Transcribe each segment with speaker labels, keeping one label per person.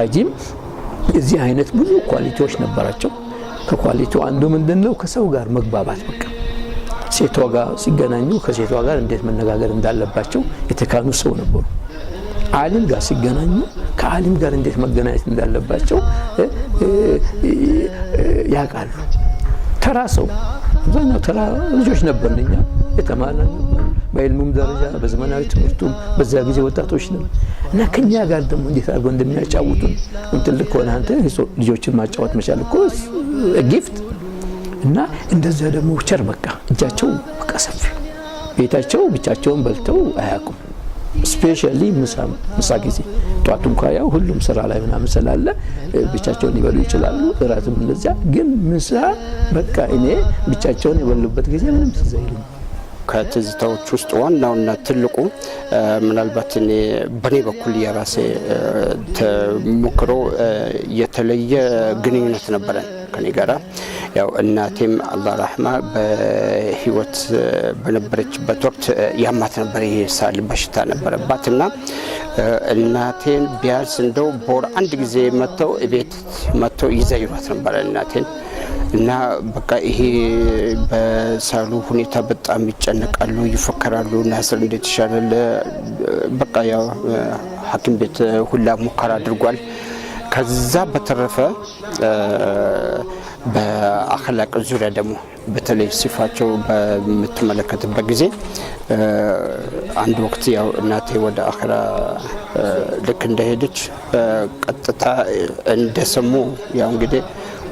Speaker 1: ሀጂም እዚህ አይነት ብዙ ኳሊቲዎች ነበራቸው። ከኳሊቲው አንዱ ምንድን ነው? ከሰው ጋር መግባባት በቃ ሴቷ ጋር ሲገናኙ ከሴቷ ጋር እንዴት መነጋገር እንዳለባቸው የተካኑ ሰው ነበሩ። አሊም ጋር ሲገናኙ ከአሊም ጋር እንዴት መገናኘት እንዳለባቸው ያውቃሉ። ተራ ሰው አብዛኛው ተራ ልጆች ነበርን እኛ ነበር። በኢልሙም ደረጃ በዘመናዊ ትምህርቱም በዛ ጊዜ ወጣቶች ነው እና ከኛ ጋር ደግሞ እንዴት አድርገው እንደሚያጫውቱን ትልቅ ከሆነ አንተ ልጆችን ማጫወት መቻል እኮ ጊፍት እና እንደዛ ደግሞ ቸር በቃ እጃቸው በቃ ሰፊ ቤታቸው ብቻቸውን በልተው አያውቁም። ስፔሻሊ ምሳ ጊዜ ጧት እንኳ ያው ሁሉም ስራ ላይ ምናምን ስላለ ብቻቸውን ሊበሉ ይችላሉ። እራትም እንደዚያ ግን ምሳ በቃ እኔ ብቻቸውን የበሉበት ጊዜ ምንም ትዝ አይልም።
Speaker 2: ከትዝታዎች ውስጥ ዋናውና ትልቁ ምናልባት እኔ በእኔ በኩል የራሴ ተሞክሮ የተለየ ግንኙነት ነበረን ከኔ ጋራ ያው እናቴም አላህ ራህማ በህይወት በነበረችበት ወቅት ያማት ነበር። ይሄ ሳል በሽታ ነበረባት እና እናቴን ቢያንስ እንደው በወር አንድ ጊዜ መጥተው ቤት መጥተው ይዘይሯት ነበረ እናቴን እና በቃ ይሄ በሳሉ ሁኔታ በጣም ይጨነቃሉ፣ ይፈከራሉ። ናስር እንደተሻለ በቃ ያው ሐኪም ቤት ሁላ ሙከራ አድርጓል። ከዛ በተረፈ በአክላቅ ዙሪያ ደግሞ በተለይ ሲፋቸው በምትመለከትበት ጊዜ አንድ ወቅት ያው እናቴ ወደ አክራ ልክ እንደሄደች ቀጥታ እንደሰሙ ያው እንግዲህ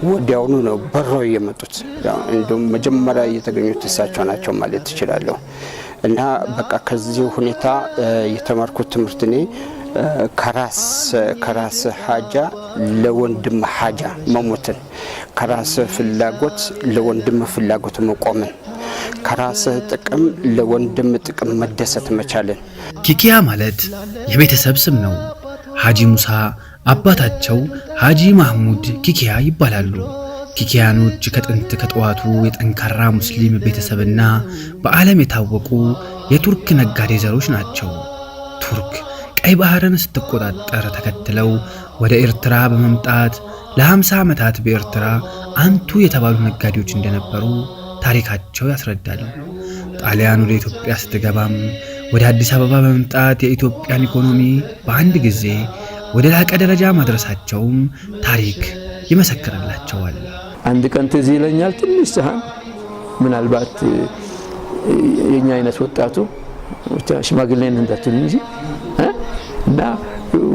Speaker 2: ወዲያውኑ ነው በረው የመጡት። እንዲሁም መጀመሪያ የተገኙት እሳቸው ናቸው ማለት ትችላለሁ። እና በቃ ከዚህ ሁኔታ የተማርኩት ትምህርት እኔ ከራስ ሀጃ ለወንድም ሀጃ መሞትን፣ ከራስ ፍላጎት ለወንድም ፍላጎት መቆምን፣ ከራስ ጥቅም ለወንድም ጥቅም መደሰት መቻልን።
Speaker 3: ኪኪያ ማለት የቤተሰብ ስም ነው። ሀጂ ሙሳ አባታቸው ሐጂ ማህሙድ ኪኪያ ይባላሉ። ኪኪያኖች ከጥንት ከጠዋቱ የጠንካራ ሙስሊም ቤተሰብና በዓለም የታወቁ የቱርክ ነጋዴ ዘሮች ናቸው። ቱርክ ቀይ ባህርን ስትቆጣጠር ተከትለው ወደ ኤርትራ በመምጣት ለ50 ዓመታት በኤርትራ አንቱ የተባሉ ነጋዴዎች እንደነበሩ ታሪካቸው ያስረዳል። ጣሊያን ወደ ኢትዮጵያ ስትገባም ወደ አዲስ አበባ በመምጣት የኢትዮጵያን ኢኮኖሚ በአንድ ጊዜ ወደ ላቀ ደረጃ ማድረሳቸውም ታሪክ ይመሰክርላቸዋል።
Speaker 1: አንድ ቀን ትዝ ይለኛል ትንሽ ሰሃን ምናልባት የኛ አይነት ወጣቱ ሽማግሌን እንዳትሉ እንጂ እና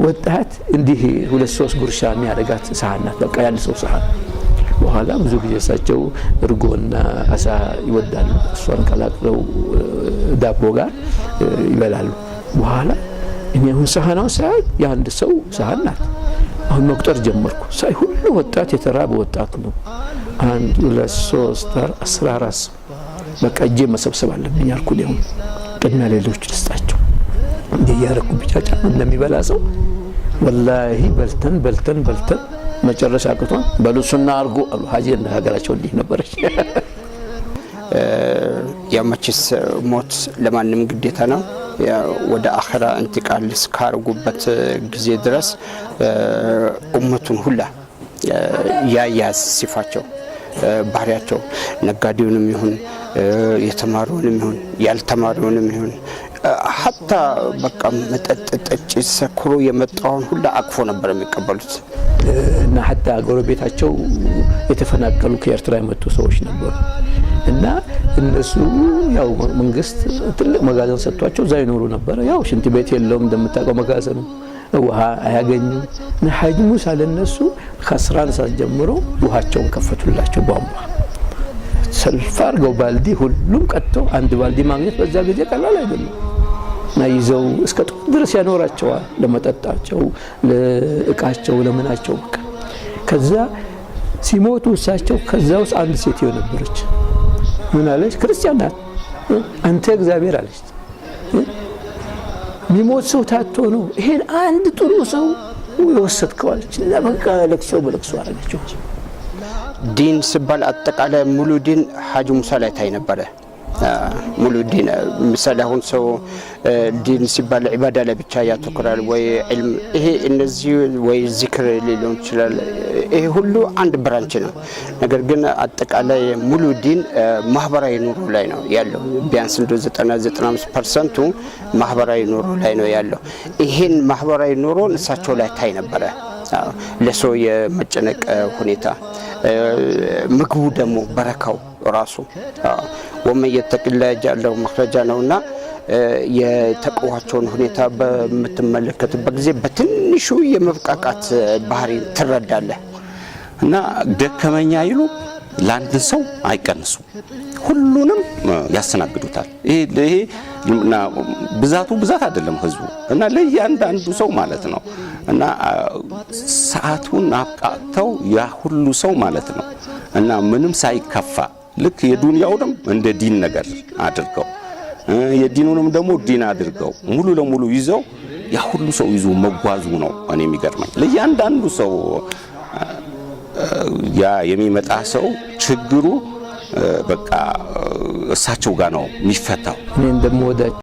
Speaker 1: ወጣት እንዲህ ሁለት ሶስት ጉርሻ የሚያደርጋት ሰሃን ናት። በቃ ያን ሰው ሰሃን። በኋላ ብዙ ጊዜ እሳቸው እርጎና አሳ ይወዳሉ። እሷን ቀላቅለው ዳቦ ጋር ይበላሉ። በኋላ እኔ አሁን ሳህናው ሳይ የአንድ ሰው ሳህን ናት። አሁን መቁጠር ጀመርኩ። ሳይ ሁሉ ወጣት የተራበ ወጣት ነው። አንድ ሁለት ሶስት አስራ አራት ሰው በቃ እጄ መሰብሰብ አለብኝ አልኩ። ሊሆን ቅድሚያ ሌሎች ልስጣቸው እንዲ እያረኩ ብቻጫ እንደሚበላ ሰው ወላሂ በልተን በልተን በልተን መጨረሻ አቅቷን በልሱና አርጎ አሉ ሀጂ እንደ ሀገራቸው እንዲህ ነበረች።
Speaker 2: ያው መቼስ ሞት ለማንም ግዴታ ነው። ወደ አኸራ እንትቃል እስካርጉበት ጊዜ ድረስ እመቱን ሁላ ያያዝ ሲፋቸው ባህሪያቸው ነጋዴውንም ይሁን የተማረውንም ይሁን ያልተማረውንም ይሁን ሀታ በቃ መጠጥ ጠጭ ሰክሮ የመጣውን ሁላ አቅፎ ነበር የሚቀበሉት እና ሀታ ጎረቤታቸው የተፈናቀሉ ከኤርትራ የመጡ ሰዎች ነበሩ። እና እነሱ ያው መንግስት ትልቅ መጋዘን ሰጥቷቸው እዛ ይኖሩ ነበረ። ያው ሽንት ቤት የለውም እንደምታውቀው መጋዘኑ ውሃ አያገኙም። ሐጅ ሙሳ ለነሱ ከስራን ሰዓት ጀምሮ ውሃቸውን ከፈቱላቸው ቧንቧ ሰልፍ አድርገው ባልዲ ሁሉም ቀጥቶ አንድ ባልዲ ማግኘት በዛ ጊዜ ቀላል አይደለም እና ይዘው እስከ ጥቁር ድረስ ያኖራቸዋል። ለመጠጣቸው፣ ለእቃቸው፣ ለምናቸው ከዛ ሲሞቱ እሳቸው ከዛ ውስጥ አንድ ሴትዮ ነበረች። ምን አለች? ክርስቲያን ናት። አንተ እግዚአብሔር አለች። ሚሞት ሰው ታቶ ነው ይሄን አንድ ጥሩ ሰው የወሰድከዋለች እና በቃ በለቅሶ አረገችው። ዲን ስባል አጠቃላይ ሙሉ ዲን ሀጅ ሙሳ ላይ ታይ ነበረ። ሙሉ ዲን ምሳሌ አሁን ሰው ዲን ሲባል ዒባዳ ላይ ብቻ ያተኩራል ወይ ዕልም ይሄ እነዚህ ወይ ዚክር ሊሆን ይችላል። ይሄ ሁሉ አንድ ብራንች ነው። ነገር ግን አጠቃላይ ሙሉ ዲን ማህበራዊ ኑሮ ላይ ነው ያለው። ቢያንስ እንደ 95 ፐርሰንቱ ማህበራዊ ኑሮ ላይ ነው ያለው። ይሄን ማህበራዊ ኑሮ እሳቸው ላይ ታይ ነበረ ለሰው የመጨነቅ ሁኔታ ምግቡ ደግሞ በረካው ራሱ ወመን የተቅላ ያለው መክረጃ እና የተቀዋቸውን ሁኔታ በምትመለከትበት ጊዜ በትንሹ የመብቃቃት ባህሪ ትረዳለህ እና ደከመኛ ይሉ ለአንድ ሰው አይቀንሱም። ሁሉንም ያስተናግዱታል። ይሄ ብዛቱ ብዛት አይደለም ህዝቡ እና ለእያንዳንዱ ሰው ማለት ነው እና ሰዓቱን አብቃተው ያ ሁሉ ሰው ማለት ነው እና ምንም ሳይከፋ ልክ የዱንያውንም እንደ ዲን ነገር አድርገው የዲኑንም ደግሞ ዲን አድርገው ሙሉ ለሙሉ ይዘው ያ ሁሉ ሰው ይዞ መጓዙ ነው እኔ የሚገርመኝ። ለእያንዳንዱ ሰው ያ የሚመጣ ሰው ችግሩ በቃ እሳቸው ጋር ነው የሚፈታው። እኔ እንደምወዳቸው